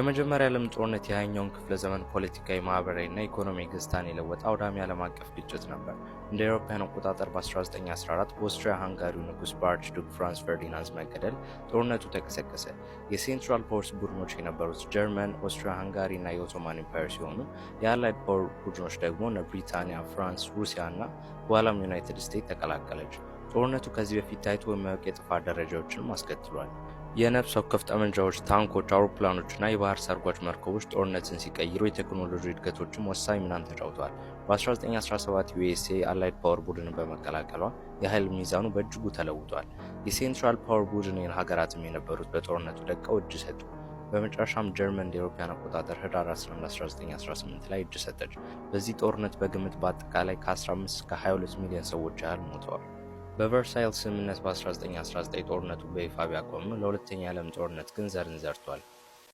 የመጀመሪያ ዓለም ጦርነት የሃያኛውን ክፍለ ዘመን ፖለቲካዊ፣ ማህበራዊና ኢኮኖሚ ገጽታን የለወጠ አውዳሚ ዓለም አቀፍ ግጭት ነበር። እንደ አውሮፓውያን አቆጣጠር በ1914 በኦስትሪያ ሃንጋሪው ንጉስ በአርች ዱክ ፍራንስ ፈርዲናንድ መገደል ጦርነቱ ተቀሰቀሰ። የሴንትራል ፖርስ ቡድኖች የነበሩት ጀርመን፣ ኦስትሪያ ሃንጋሪ እና የኦቶማን ኢምፓየር ሲሆኑ የአላይድ ፖር ቡድኖች ደግሞ እነ ብሪታንያ፣ ፍራንስ፣ ሩሲያ እና በኋላም ዩናይትድ ስቴትስ ተቀላቀለች። ጦርነቱ ከዚህ በፊት ታይቶ የማያውቅ የጥፋት ደረጃዎችንም አስከትሏል። የነፍስ ወከፍ ጠመንጃዎች፣ ታንኮች፣ እና የባህር ሰርጓጅ መርከቦች ጦርነትን ሲቀይሩ የቴክኖሎጂ እድገቶችም ወሳኝ ሚናን ተጫውተዋል። በ1917 ዩኤስኤ አላይድ ፓወር ቡድንን በመቀላቀሏ የኃይል ሚዛኑ በእጅጉ ተለውጧል። የሴንትራል ፓወር ቡድን ሀገራትም የነበሩት በጦርነቱ ደቀው እጅ ሰጡ። በመጨረሻም ጀርመን እንደ አውሮፓውያን አቆጣጠር ህዳር 11 1918 ላይ እጅ ሰጠች። በዚህ ጦርነት በግምት በአጠቃላይ ከ15 እስከ 22 ሚሊዮን ሰዎች ያህል ሞተዋል። በቨርሳይል ስምምነት በ1919 ጦርነቱ በይፋ ቢያቆምም ለሁለተኛ ዓለም ጦርነት ግን ዘርን ዘርቷል።